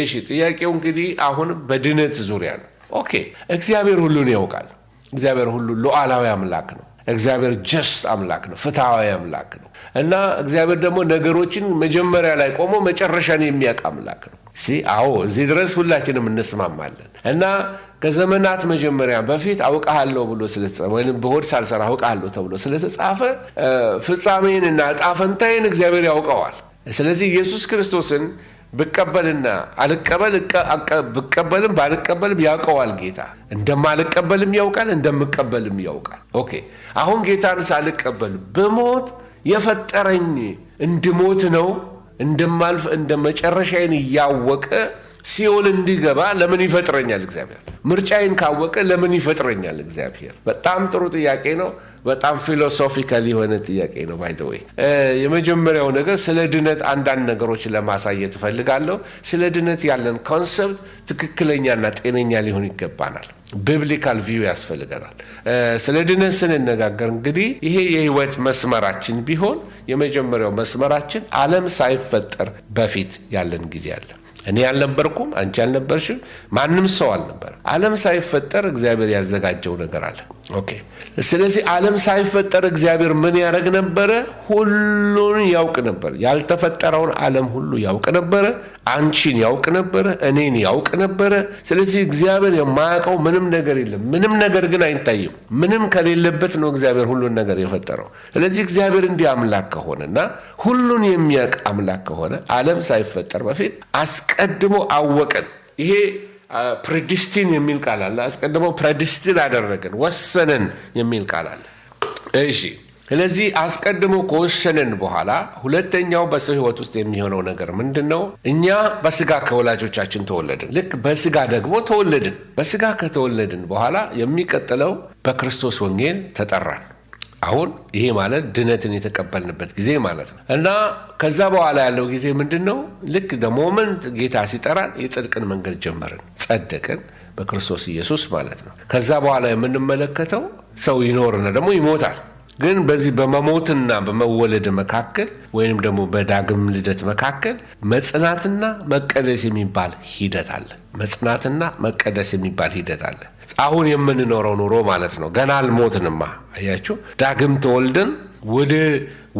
እሺ ጥያቄው እንግዲህ አሁን በድነት ዙሪያ ነው። ኦኬ እግዚአብሔር ሁሉን ያውቃል። እግዚአብሔር ሁሉ ሉዓላዊ አምላክ ነው። እግዚአብሔር ጀስት አምላክ ነው፣ ፍትሐዊ አምላክ ነው እና እግዚአብሔር ደግሞ ነገሮችን መጀመሪያ ላይ ቆሞ መጨረሻን የሚያውቅ አምላክ ነው። አዎ እዚህ ድረስ ሁላችንም እንስማማለን እና ከዘመናት መጀመሪያ በፊት አውቃለሁ ብሎ ወይም በሆድ ሳልሰራ አውቃለሁ ተብሎ ስለተጻፈ ፍጻሜንና ዕጣ ፈንታዬን እግዚአብሔር ያውቀዋል። ስለዚህ ኢየሱስ ክርስቶስን ብቀበልና አልቀበል ብቀበልም ባልቀበልም ያውቀዋል ጌታ። እንደማልቀበልም ያውቃል፣ እንደምቀበልም ያውቃል። ኦኬ አሁን ጌታን ሳልቀበል ብሞት የፈጠረኝ እንድሞት ነው እንደማልፍ እንደ መጨረሻዬን እያወቀ ሲኦል እንዲገባ ለምን ይፈጥረኛል እግዚአብሔር? ምርጫዬን ካወቀ ለምን ይፈጥረኛል እግዚአብሔር? በጣም ጥሩ ጥያቄ ነው። በጣም ፊሎሶፊካል የሆነ ጥያቄ ነው። ወይ የመጀመሪያው ነገር ስለ ድነት አንዳንድ ነገሮች ለማሳየት እፈልጋለሁ። ስለ ድነት ያለን ኮንሰፕት ትክክለኛና ጤነኛ ሊሆን ይገባናል። ቢብሊካል ቪው ያስፈልገናል። ስለ ድነት ስንነጋገር እንግዲህ ይሄ የህይወት መስመራችን ቢሆን የመጀመሪያው መስመራችን ዓለም ሳይፈጠር በፊት ያለን ጊዜ አለ። እኔ አልነበርኩም፣ አንቺ አልነበርሽም፣ ማንም ሰው አልነበረም ዓለም ሳይፈጠር እግዚአብሔር ያዘጋጀው ነገር አለ። ኦኬ። ስለዚህ ዓለም ሳይፈጠር እግዚአብሔር ምን ያደረግ ነበረ? ሁሉን ያውቅ ነበር። ያልተፈጠረውን ዓለም ሁሉ ያውቅ ነበረ። አንቺን ያውቅ ነበረ። እኔን ያውቅ ነበረ። ስለዚህ እግዚአብሔር የማያውቀው ምንም ነገር የለም። ምንም ነገር ግን አይታይም። ምንም ከሌለበት ነው እግዚአብሔር ሁሉን ነገር የፈጠረው። ስለዚህ እግዚአብሔር እንዲህ አምላክ ከሆነና ሁሉን የሚያውቅ አምላክ ከሆነ ዓለም ሳይፈጠር በፊት አስቀድሞ አወቀን። ይሄ ፕሪዲስቲን የሚል ቃል አለ። አስቀድሞ ፕሬዲስቲን አደረግን ወሰንን የሚል ቃል አለ። እሺ ስለዚህ አስቀድሞ ከወሰነን በኋላ ሁለተኛው በሰው ህይወት ውስጥ የሚሆነው ነገር ምንድን ነው? እኛ በስጋ ከወላጆቻችን ተወለድን። ልክ በስጋ ደግሞ ተወለድን። በስጋ ከተወለድን በኋላ የሚቀጥለው በክርስቶስ ወንጌል ተጠራን። አሁን ይሄ ማለት ድነትን የተቀበልንበት ጊዜ ማለት ነው እና ከዛ በኋላ ያለው ጊዜ ምንድን ነው? ልክ ሞመንት ጌታ ሲጠራን የጽድቅን መንገድ ጀመርን፣ ጸደቅን በክርስቶስ ኢየሱስ ማለት ነው። ከዛ በኋላ የምንመለከተው ሰው ይኖርና ደግሞ ይሞታል ግን በዚህ በመሞትና በመወለድ መካከል ወይንም ደግሞ በዳግም ልደት መካከል መጽናትና መቀደስ የሚባል ሂደት አለ። መጽናትና መቀደስ የሚባል ሂደት አለ። አሁን የምንኖረው ኑሮ ማለት ነው። ገና አልሞትንማ። አያችሁ፣ ዳግም ተወልደን ወደ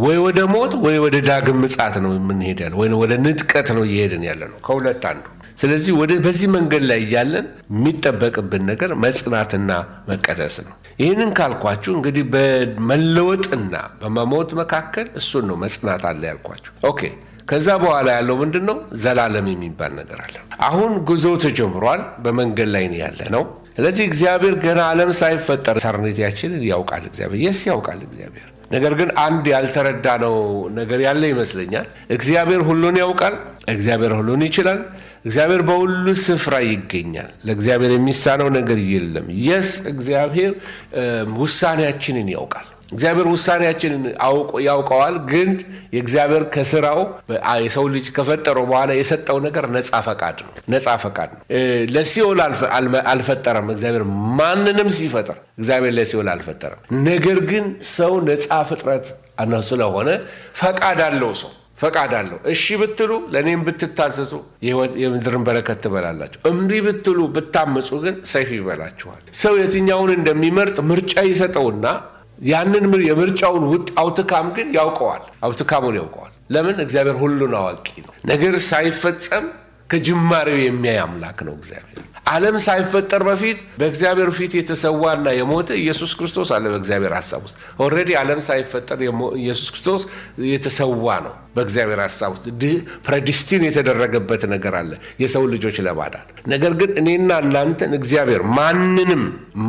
ወይ ወደ ሞት ወይ ወደ ዳግም ምጻት ነው የምንሄድ ያለ ወይ ወደ ንጥቀት ነው እየሄድን ያለ ነው። ከሁለት አንዱ ስለዚህ ወደ በዚህ መንገድ ላይ እያለን የሚጠበቅብን ነገር መጽናትና መቀደስ ነው። ይህንን ካልኳችሁ እንግዲህ በመለወጥና በመሞት መካከል እሱን ነው መጽናት አለ ያልኳችሁ። ኦኬ ከዛ በኋላ ያለው ምንድን ነው? ዘላለም የሚባል ነገር አለ። አሁን ጉዞ ተጀምሯል። በመንገድ ላይ ያለ ነው። ስለዚህ እግዚአብሔር ገና ዓለም ሳይፈጠር ኢተርኒቲያችንን ያውቃል። እግዚአብሔር የስ ያውቃል እግዚአብሔር ነገር ግን አንድ ያልተረዳ ነው ነገር ያለ ይመስለኛል። እግዚአብሔር ሁሉን ያውቃል። እግዚአብሔር ሁሉን ይችላል። እግዚአብሔር በሁሉ ስፍራ ይገኛል። ለእግዚአብሔር የሚሳነው ነገር የለም። የስ እግዚአብሔር ውሳኔያችንን ያውቃል። እግዚአብሔር ውሳኔያችንን ያውቀዋል። ግን የእግዚአብሔር ከስራው የሰው ልጅ ከፈጠረው በኋላ የሰጠው ነገር ነፃ ፈቃድ ነው። ነፃ ፈቃድ ነው። ለሲኦል አልፈጠረም። እግዚአብሔር ማንንም ሲፈጥር እግዚአብሔር ለሲኦል አልፈጠረም። ነገር ግን ሰው ነፃ ፍጥረት ስለሆነ ፈቃድ አለው ሰው ፈቃድ አለው። እሺ ብትሉ ለእኔም ብትታዘዙ የምድርን በረከት ትበላላችሁ። እምቢ ብትሉ ብታመፁ ግን ሰይፍ ይበላችኋል። ሰው የትኛውን እንደሚመርጥ ምርጫ ይሰጠውና ያንን የምርጫውን ውጥ አውትካም ግን ያውቀዋል። አውትካሙን ያውቀዋል። ለምን? እግዚአብሔር ሁሉን አዋቂ ነው። ነገር ሳይፈጸም ከጅማሬው የሚያይ አምላክ ነው እግዚአብሔር። ዓለም ሳይፈጠር በፊት በእግዚአብሔር ፊት የተሰዋና የሞተ ኢየሱስ ክርስቶስ አለ። በእግዚአብሔር ሀሳብ ውስጥ ኦልሬዲ ዓለም ሳይፈጠር ኢየሱስ ክርስቶስ የተሰዋ ነው። በእግዚአብሔር ሀሳብ ውስጥ ፕረዲስቲን የተደረገበት ነገር አለ የሰው ልጆች ለማዳን። ነገር ግን እኔና እናንተን እግዚአብሔር ማንንም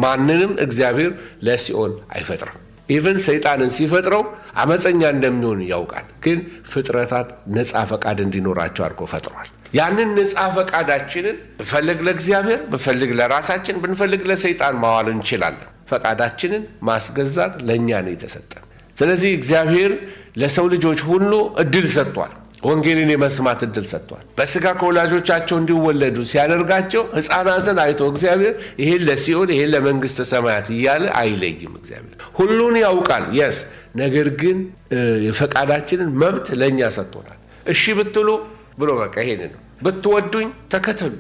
ማንንም እግዚአብሔር ለሲኦል አይፈጥርም። ኢቨን ሰይጣንን ሲፈጥረው አመፀኛ እንደሚሆን ያውቃል። ግን ፍጥረታት ነፃ ፈቃድ እንዲኖራቸው አድርጎ ፈጥሯል። ያንን ነፃ ፈቃዳችንን ብፈልግ ለእግዚአብሔር፣ ብፈልግ ለራሳችን፣ ብንፈልግ ለሰይጣን ማዋል እንችላለን። ፈቃዳችንን ማስገዛት ለእኛ ነው የተሰጠን። ስለዚህ እግዚአብሔር ለሰው ልጆች ሁሉ እድል ሰጥቷል። ወንጌልን የመስማት እድል ሰጥቷል። በስጋ ከወላጆቻቸው እንዲወለዱ ሲያደርጋቸው ሕፃናትን አይቶ እግዚአብሔር ይሄን ለሲኦል ይሄን ለመንግስተ ሰማያት እያለ አይለይም። እግዚአብሔር ሁሉን ያውቃል። የስ ነገር ግን የፈቃዳችንን መብት ለእኛ ሰጥቶናል። እሺ ብትሉ ብሎ በቃ ይሄን ነው። ብትወዱኝ ተከተሉ፣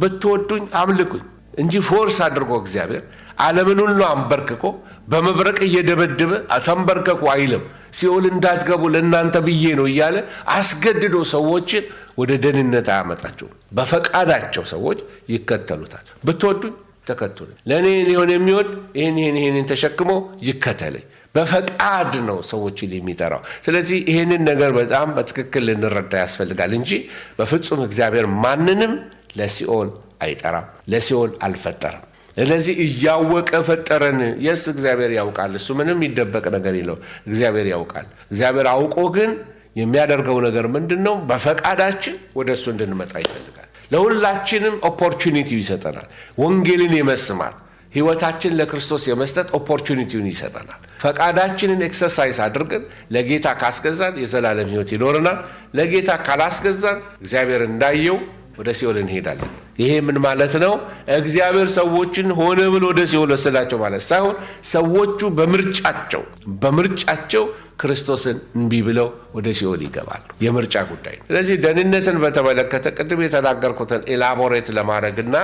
ብትወዱኝ አምልኩኝ እንጂ ፎርስ አድርጎ እግዚአብሔር ዓለምን ሁሉ አንበርክኮ በመብረቅ እየደበደበ ተንበርከኩ አይልም። ሲኦል እንዳትገቡ ለእናንተ ብዬ ነው እያለ አስገድዶ ሰዎችን ወደ ደህንነት አያመጣቸው። በፈቃዳቸው ሰዎች ይከተሉታል። ብትወዱኝ ተከተሉኝ፣ ለእኔ ሊሆን የሚወድ ይህን ይህን ይህንን ተሸክሞ ይከተለኝ። በፈቃድ ነው ሰዎችን የሚጠራው። ስለዚህ ይህንን ነገር በጣም በትክክል ልንረዳ ያስፈልጋል እንጂ በፍጹም እግዚአብሔር ማንንም ለሲኦል አይጠራም፣ ለሲኦል አልፈጠረም። ስለዚህ እያወቀ ፈጠረን። የስ እግዚአብሔር ያውቃል። እሱ ምንም የሚደበቅ ነገር የለው። እግዚአብሔር ያውቃል። እግዚአብሔር አውቆ ግን የሚያደርገው ነገር ምንድን ነው? በፈቃዳችን ወደ እሱ እንድንመጣ ይፈልጋል። ለሁላችንም ኦፖርቹኒቲ ይሰጠናል። ወንጌልን የመስማት ህይወታችን ለክርስቶስ የመስጠት ኦፖርቹኒቲውን ይሰጠናል። ፈቃዳችንን ኤክሰርሳይዝ አድርገን ለጌታ ካስገዛን የዘላለም ህይወት ይኖረናል። ለጌታ ካላስገዛን እግዚአብሔር እንዳየው ወደ ሲኦል እንሄዳለን። ይሄ ምን ማለት ነው? እግዚአብሔር ሰዎችን ሆነ ብሎ ወደ ሲኦል ወሰዳቸው ማለት ሳይሆን ሰዎቹ በምርጫቸው በምርጫቸው ክርስቶስን እንቢ ብለው ወደ ሲኦል ይገባሉ። የምርጫ ጉዳይ ነው። ስለዚህ ደህንነትን በተመለከተ ቅድም የተናገርኩትን ኤላቦሬት ለማድረግና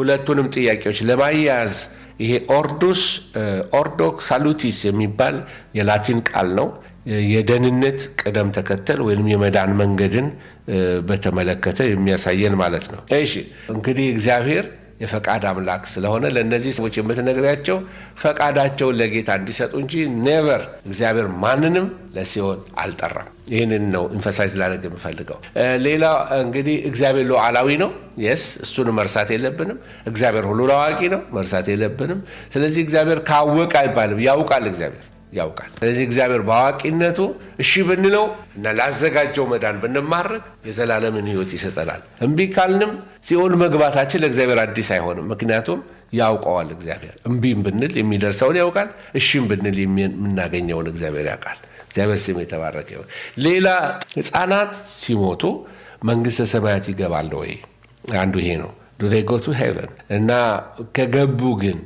ሁለቱንም ጥያቄዎች ለማያያዝ ይሄ ኦርዶስ ኦርዶ ሳሉቲስ የሚባል የላቲን ቃል ነው። የደህንነት ቅደም ተከተል ወይም የመዳን መንገድን በተመለከተ የሚያሳየን ማለት ነው። እሺ እንግዲህ እግዚአብሔር የፈቃድ አምላክ ስለሆነ ለእነዚህ ሰዎች የምትነግሪያቸው ፈቃዳቸውን ለጌታ እንዲሰጡ እንጂ ኔቨር እግዚአብሔር ማንንም ለሲኦል አልጠራም። ይህንን ነው ኢንፈሳይዝ ላደርግ የምፈልገው። ሌላ እንግዲህ እግዚአብሔር ሉዓላዊ ነው። የስ እሱን መርሳት የለብንም። እግዚአብሔር ሁሉ አዋቂ ነው፣ መርሳት የለብንም። ስለዚህ እግዚአብሔር ካወቀ አይባልም፣ ያውቃል እግዚአብሔር ያውቃል። ስለዚህ እግዚአብሔር በአዋቂነቱ እሺ ብንለው እና ላዘጋጀው መዳን ብንማረክ የዘላለምን ሕይወት ይሰጠናል። እምቢ ካልንም ሲኦል መግባታችን ለእግዚአብሔር አዲስ አይሆንም። ምክንያቱም ያውቀዋል እግዚአብሔር። እምቢም ብንል የሚደርሰውን ያውቃል፣ እሺም ብንል የምናገኘውን እግዚአብሔር ያውቃል። እግዚአብሔር ስም የተባረከ ይሁን። ሌላ ሕፃናት ሲሞቱ መንግሥተ ሰማያት ይገባል ወይ? አንዱ ይሄ ነው። ዶቴጎቱ ሄቨን እና ከገቡ ግን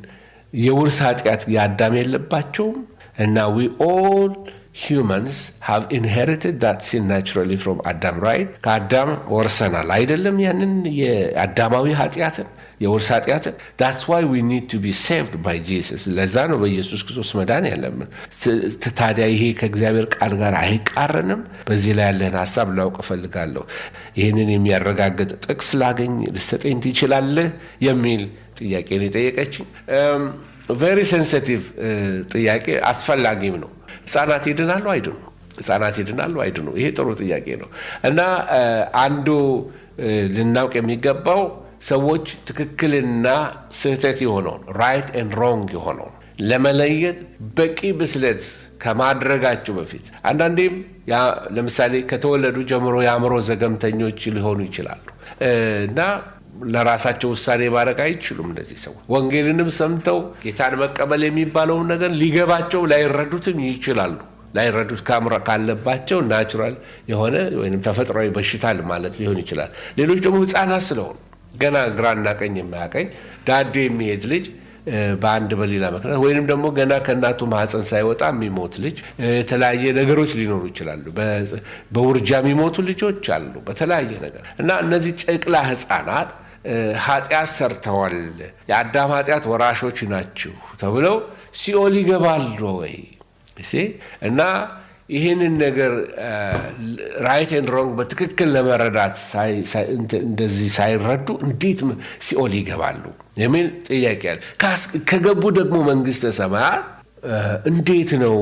የውርስ ኃጢአት የአዳም የለባቸውም And now we all humans have inherited that sin naturally from Adam, right? ከአዳም ወርሰናል አይደለም? ያንን የአዳማዊ ኃጢአትን የውርስ ኃጢአትን that's why we need to be saved by Jesus። ለዛ ነው በኢየሱስ ክርስቶስ መዳን ያለብን። ታዲያ ይሄ ከእግዚአብሔር ቃል ጋር አይቃረንም? በዚህ ላይ ያለን ሀሳብ ላውቅ እፈልጋለሁ። ይህንን የሚያረጋግጥ ጥቅስ ላገኝ ልሰጠኝ ትችላለህ? የሚል ጥያቄ ነው የጠየቀችኝ። ቨሪ ሴንሲቲቭ uh, ጥያቄ አስፈላጊም ነው። ህጻናት ይድናሉ አይድኑ? ህጻናት ይድናሉ አይድኑ? ይሄ ጥሩ ጥያቄ ነው እና uh, አንዱ uh, ልናውቅ የሚገባው ሰዎች ትክክልና ስህተት የሆነውን ራይት ኤንድ ሮንግ የሆነውን ለመለየት በቂ ብስለት ከማድረጋቸው በፊት አንዳንዴም ለምሳሌ ከተወለዱ ጀምሮ የአእምሮ ዘገምተኞች ሊሆኑ ይችላሉ እና ለራሳቸው ውሳኔ ማድረግ አይችሉም። እነዚህ ሰዎች ወንጌልንም ሰምተው ጌታን መቀበል የሚባለውን ነገር ሊገባቸው ላይረዱትም ይችላሉ። ላይረዱት ካለባቸው ናቹራል የሆነ ወይም ተፈጥሯዊ በሽታል ማለት ሊሆን ይችላል። ሌሎች ደግሞ ህፃናት ስለሆኑ ገና ግራና ቀኝ የማያቀኝ ዳዴ የሚሄድ ልጅ በአንድ በሌላ ምክንያት ወይንም ደግሞ ገና ከእናቱ ማህፀን ሳይወጣ የሚሞት ልጅ፣ የተለያየ ነገሮች ሊኖሩ ይችላሉ። በውርጃ የሚሞቱ ልጆች አሉ። በተለያየ ነገር እና እነዚህ ጨቅላ ህፃናት። ኃጢአት ሰርተዋል፣ የአዳም ኃጢአት ወራሾች ናችሁ ተብለው ሲኦል ይገባሉ ወይ? እና ይህንን ነገር ራይት ኤንድ ሮንግ በትክክል ለመረዳት እንደዚህ ሳይረዱ እንዴት ሲኦል ይገባሉ የሚል ጥያቄ አለ። ከገቡ ደግሞ መንግስተ ሰማያት እንዴት ነው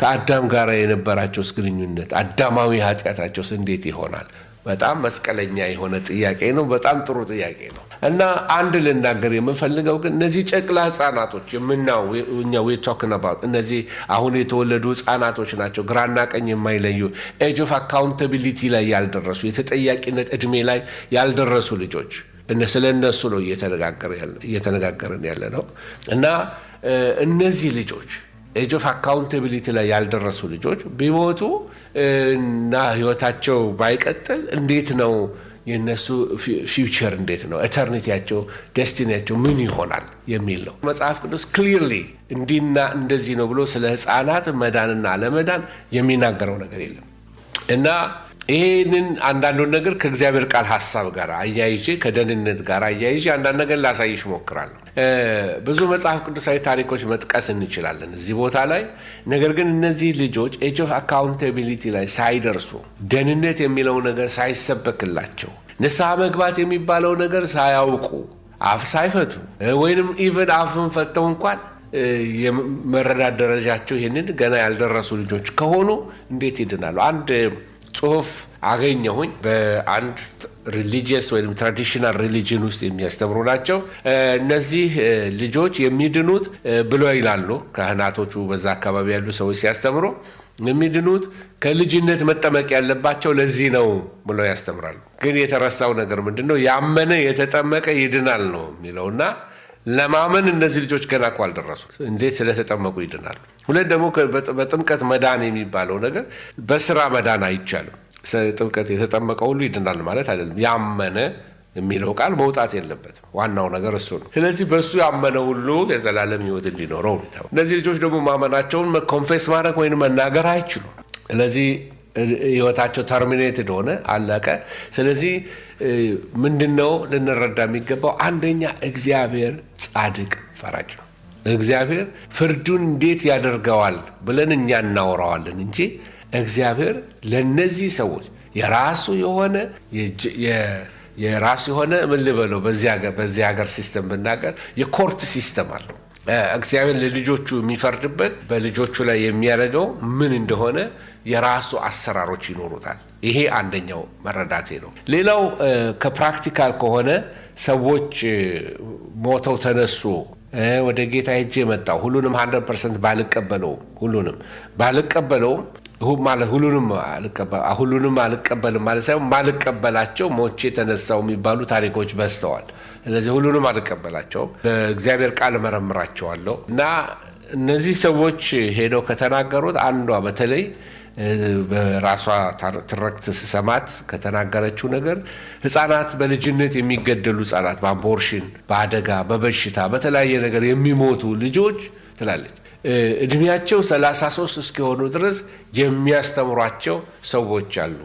ከአዳም ጋር የነበራቸውስ ግንኙነት? አዳማዊ ኃጢአታቸውስ እንዴት ይሆናል? በጣም መስቀለኛ የሆነ ጥያቄ ነው። በጣም ጥሩ ጥያቄ ነው እና አንድ ልናገር የምፈልገው ግን እነዚህ ጨቅላ ህጻናቶች የምናው እኛ ቶክነባት እነዚህ አሁን የተወለዱ ህጻናቶች ናቸው። ግራና ቀኝ የማይለዩ ኤጅ ኦፍ አካውንታቢሊቲ ላይ ያልደረሱ የተጠያቂነት እድሜ ላይ ያልደረሱ ልጆች ስለ እነሱ ነው እየተነጋገርን ያለ ነው እና እነዚህ ልጆች ኤጅ ኦፍ አካውንታቢሊቲ ላይ ያልደረሱ ልጆች ቢሞቱ እና ህይወታቸው ባይቀጥል እንዴት ነው የእነሱ ፊውቸር እንዴት ነው ኤተርኒቲያቸው ደስቲኒያቸው ምን ይሆናል የሚል ነው። መጽሐፍ ቅዱስ ክሊርሊ እንዲህና እንደዚህ ነው ብሎ ስለ ህፃናት መዳንና አለመዳን የሚናገረው ነገር የለም እና ይህንን አንዳንዱን ነገር ከእግዚአብሔር ቃል ሀሳብ ጋር አያይዤ ከደህንነት ጋር አያይዤ አንዳንድ ነገር ላሳይሽ ሞክራለሁ። ብዙ መጽሐፍ ቅዱሳዊ ታሪኮች መጥቀስ እንችላለን እዚህ ቦታ ላይ። ነገር ግን እነዚህ ልጆች ኤጅ ኦፍ አካውንታቢሊቲ ላይ ሳይደርሱ ደህንነት የሚለው ነገር ሳይሰበክላቸው ንስሐ መግባት የሚባለው ነገር ሳያውቁ አፍ ሳይፈቱ ወይንም ኢቨን አፍን ፈተው እንኳን የመረዳት ደረጃቸው ይህንን ገና ያልደረሱ ልጆች ከሆኑ እንዴት ይድናሉ? አንድ ጽሁፍ አገኘሁኝ። በአንድ ሪሊጅስ ወይም ትራዲሽናል ሪሊጅን ውስጥ የሚያስተምሩ ናቸው። እነዚህ ልጆች የሚድኑት ብሎ ይላሉ ካህናቶቹ፣ በዛ አካባቢ ያሉ ሰዎች ሲያስተምሩ የሚድኑት ከልጅነት መጠመቅ ያለባቸው ለዚህ ነው ብለው ያስተምራሉ። ግን የተረሳው ነገር ምንድን ነው? ያመነ የተጠመቀ ይድናል ነው የሚለውና ለማመን እነዚህ ልጆች ገና እኮ አልደረሱ። እንዴት ስለተጠመቁ ይድናሉ? ሁለት ደግሞ በጥምቀት መዳን የሚባለው ነገር በስራ መዳን አይቻልም። ጥምቀት የተጠመቀ ሁሉ ይድናል ማለት አይደለም። ያመነ የሚለው ቃል መውጣት የለበትም። ዋናው ነገር እሱ ነው። ስለዚህ በእሱ ያመነ ሁሉ የዘላለም ህይወት እንዲኖረው እነዚህ ልጆች ደግሞ ማመናቸውን ኮንፌስ ማድረግ ወይም መናገር አይችሉም። ስለዚህ ህይወታቸው ተርሚኔትድ ሆነ፣ አለቀ። ስለዚህ ምንድን ነው ልንረዳ የሚገባው? አንደኛ እግዚአብሔር ጻድቅ ፈራጅ ነው። እግዚአብሔር ፍርዱን እንዴት ያደርገዋል ብለን እኛ እናወራዋለን እንጂ እግዚአብሔር ለነዚህ ሰዎች የራሱ የሆነ የራሱ የሆነ ምን ልበለው፣ በዚህ ሀገር ሲስተም ብናገር የኮርት ሲስተም አለው እግዚአብሔር ለልጆቹ የሚፈርድበት በልጆቹ ላይ የሚያደርገው ምን እንደሆነ የራሱ አሰራሮች ይኖሩታል። ይሄ አንደኛው መረዳቴ ነው። ሌላው ከፕራክቲካል ከሆነ ሰዎች ሞተው ተነሱ፣ ወደ ጌታ ሄጄ መጣው፣ ሁሉንም 100 ፐርሰንት ባልቀበለውም ሁሉንም ባልቀበለውም ሁሉንም አልቀበልም ማለት ሳይሆን ማልቀበላቸው ሞቼ ተነሳው የሚባሉ ታሪኮች በዝተዋል። ስለዚህ ሁሉንም አልቀበላቸውም። በእግዚአብሔር ቃል መረምራቸዋለሁ እና እነዚህ ሰዎች ሄደው ከተናገሩት አንዷ በተለይ በራሷ ትረክት ስሰማት ከተናገረችው ነገር ህጻናት በልጅነት የሚገደሉ ህጻናት በአቦርሽን፣ በአደጋ፣ በበሽታ፣ በተለያየ ነገር የሚሞቱ ልጆች ትላለች። እድሜያቸው 33 እስኪሆኑ ድረስ የሚያስተምሯቸው ሰዎች አሉ።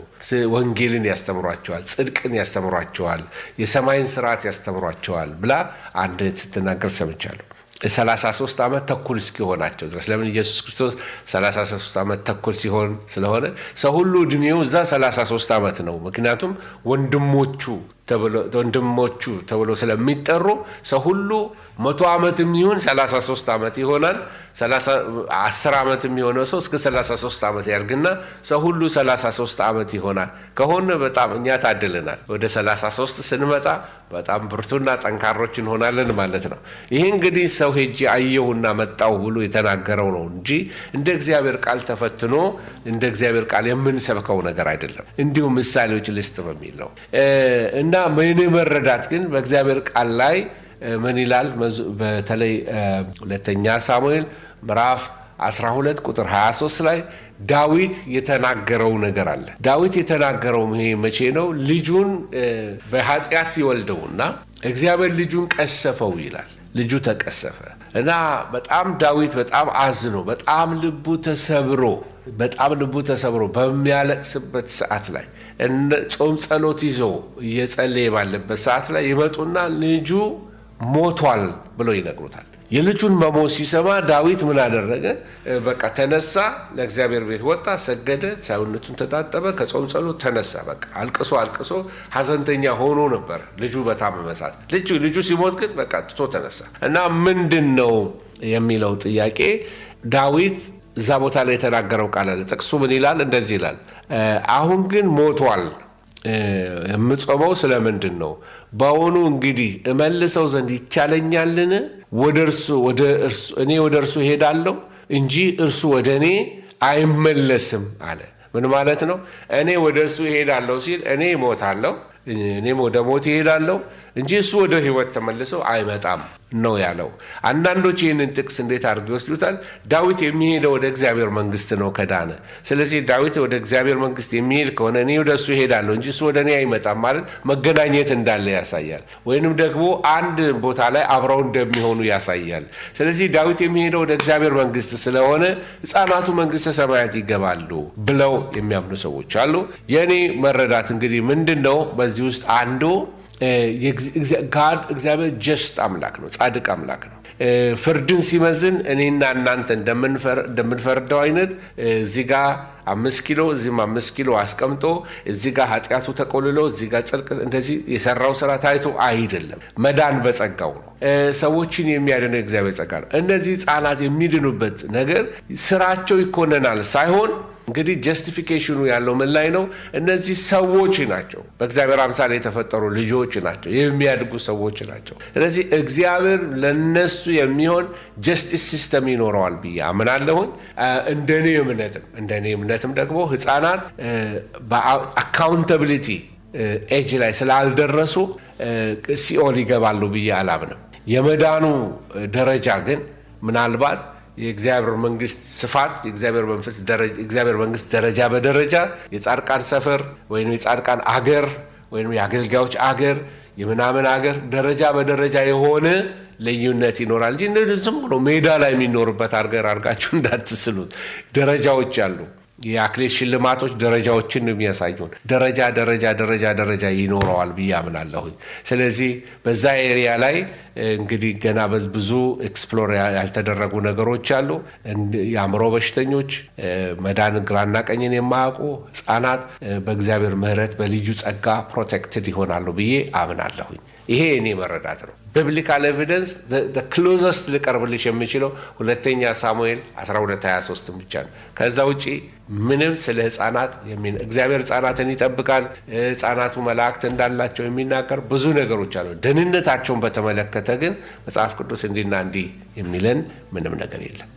ወንጌልን ያስተምሯቸዋል፣ ጽድቅን ያስተምሯቸዋል፣ የሰማይን ስርዓት ያስተምሯቸዋል ብላ አንድ ስትናገር ሰምቻለሁ። 33 ዓመት ተኩል እስኪሆናቸው ድረስ ለምን ኢየሱስ ክርስቶስ 33 ዓመት ተኩል ሲሆን ስለሆነ ሰው ሁሉ እድሜው እዛ 33 ዓመት ነው። ምክንያቱም ወንድሞቹ ወንድሞቹ ተብሎ ስለሚጠሩ ሰው ሁሉ መቶ ዓመትም ይሁን 33 ዓመት ይሆናል። 10 ዓመት የሚሆነው ሰው እስከ 33 ዓመት ያድርግና ሰው ሁሉ 33 ዓመት ይሆናል ከሆነ በጣም እኛ ታድልናል። ወደ 33 ስንመጣ በጣም ብርቱና ጠንካሮች እንሆናለን ማለት ነው። ይህ እንግዲህ ሰው ሄጄ አየሁና መጣሁ ብሎ የተናገረው ነው እንጂ እንደ እግዚአብሔር ቃል ተፈትኖ እንደ እግዚአብሔር ቃል የምንሰብከው ነገር አይደለም። እንዲሁም ምሳሌዎች ልስጥ በሚል ነው እና ምን መረዳት ግን በእግዚአብሔር ቃል ላይ ምን ይላል? በተለይ ሁለተኛ ሳሙኤል ምዕራፍ 12 ቁጥር 23 ላይ ዳዊት የተናገረው ነገር አለ። ዳዊት የተናገረው ይሄ መቼ ነው? ልጁን በኃጢአት ይወልደውና እግዚአብሔር ልጁን ቀሰፈው ይላል። ልጁ ተቀሰፈ እና በጣም ዳዊት በጣም አዝኖ በጣም ልቡ ተሰብሮ በጣም ልቡ ተሰብሮ በሚያለቅስበት ሰዓት ላይ ጾም ጸሎት ይዞ እየጸለየ ባለበት ሰዓት ላይ ይመጡና ልጁ ሞቷል ብለው ይነግሩታል። የልጁን መሞት ሲሰማ ዳዊት ምን አደረገ? በቃ ተነሳ፣ ለእግዚአብሔር ቤት ወጣ፣ ሰገደ፣ ሰውነቱን ተጣጠበ፣ ከጾም ጸሎት ተነሳ። በቃ አልቅሶ አልቅሶ ሀዘንተኛ ሆኖ ነበር ልጁ በታመመ ሰዓት። ልጁ ሲሞት ግን በቃ ትቶ ተነሳ እና ምንድን ነው የሚለው ጥያቄ ዳዊት እዛ ቦታ ላይ የተናገረው ቃል አለ። ጥቅሱ ምን ይላል? እንደዚህ ይላል፣ አሁን ግን ሞቷል የምጾመው ስለምንድን ነው? በአሁኑ እንግዲህ እመልሰው ዘንድ ይቻለኛልን? ወደ እርሱ እኔ ወደ እርሱ እሄዳለሁ እንጂ እርሱ ወደ እኔ አይመለስም አለ። ምን ማለት ነው? እኔ ወደ እርሱ እሄዳለሁ ሲል እኔ እሞታለሁ፣ እኔም ወደ ሞት እሄዳለሁ እንጂ እሱ ወደ ህይወት ተመልሶ አይመጣም ነው ያለው። አንዳንዶች ይህንን ጥቅስ እንዴት አድርገው ይወስዱታል? ዳዊት የሚሄደው ወደ እግዚአብሔር መንግስት ነው ከዳነ። ስለዚህ ዳዊት ወደ እግዚአብሔር መንግስት የሚሄድ ከሆነ እኔ ወደ እሱ ይሄዳለሁ እንጂ እሱ ወደ እኔ አይመጣም ማለት መገናኘት እንዳለ ያሳያል። ወይንም ደግሞ አንድ ቦታ ላይ አብረው እንደሚሆኑ ያሳያል። ስለዚህ ዳዊት የሚሄደው ወደ እግዚአብሔር መንግስት ስለሆነ ህፃናቱ መንግስተ ሰማያት ይገባሉ ብለው የሚያምኑ ሰዎች አሉ። የእኔ መረዳት እንግዲህ ምንድን ነው በዚህ ውስጥ አንዱ ጋድ እግዚአብሔር ጀስት አምላክ ነው፣ ጻድቅ አምላክ ነው። ፍርድን ሲመዝን እኔና እናንተ እንደምንፈርደው አይነት እዚህ ጋ አምስት ኪሎ እዚህም አምስት ኪሎ አስቀምጦ እዚህ ጋ ኃጢአቱ ተቆልሎ እዚህ ጋ ጽድቅ እንደዚህ የሰራው ስራ ታይቶ አይደለም። መዳን በጸጋው ነው። ሰዎችን የሚያድነው እግዚአብሔር ጸጋ ነው። እነዚህ ህጻናት የሚድኑበት ነገር ስራቸው ይኮነናል ሳይሆን እንግዲህ ጀስቲፊኬሽኑ ያለው ምን ላይ ነው? እነዚህ ሰዎች ናቸው፣ በእግዚአብሔር አምሳል የተፈጠሩ ልጆች ናቸው፣ የሚያድጉ ሰዎች ናቸው። ስለዚህ እግዚአብሔር ለነሱ የሚሆን ጀስቲስ ሲስተም ይኖረዋል ብዬ አምናለሁኝ። እንደኔ እምነትም እንደኔ እምነትም ደግሞ ህፃናት በአካውንታብሊቲ ኤጅ ላይ ስላልደረሱ ሲኦል ይገባሉ ብዬ አላምንም። የመዳኑ ደረጃ ግን ምናልባት የእግዚአብሔር መንግስት ስፋት የእግዚአብሔር መንግስት ደረጃ በደረጃ የጻድቃን ሰፈር ወይም የጻድቃን አገር ወይም የአገልጋዮች አገር የምናምን አገር ደረጃ በደረጃ የሆነ ልዩነት ይኖራል እንጂ ዝም ብሎ ሜዳ ላይ የሚኖርበት አገር አድርጋችሁ እንዳትስሉት። ደረጃዎች አሉ። የአክሌት ሽልማቶች ደረጃዎችን ነው የሚያሳዩን። ደረጃ ደረጃ ደረጃ ደረጃ ይኖረዋል ብዬ አምናለሁኝ። ስለዚህ በዛ ኤሪያ ላይ እንግዲህ ገና ብዙ ኤክስፕሎር ያልተደረጉ ነገሮች አሉ። የአእምሮ በሽተኞች፣ መዳን ግራና ቀኝን የማያውቁ ህጻናት በእግዚአብሔር ምሕረት በልዩ ጸጋ ፕሮቴክትድ ይሆናሉ ብዬ አምናለሁኝ። ይሄ እኔ መረዳት ነው። ቢብሊካል ኤቪደንስ ክሎዘስት ልቀርብልሽ የምችለው ሁለተኛ ሳሙኤል 1223 ብቻ ነው። ከዛ ውጪ ምንም ስለ ህጻናት እግዚአብሔር ህጻናትን ይጠብቃል፣ ህጻናቱ መላእክት እንዳላቸው የሚናገር ብዙ ነገሮች አሉ። ደህንነታቸውን በተመለከተ ግን መጽሐፍ ቅዱስ እንዲና እንዲህ የሚለን ምንም ነገር የለም።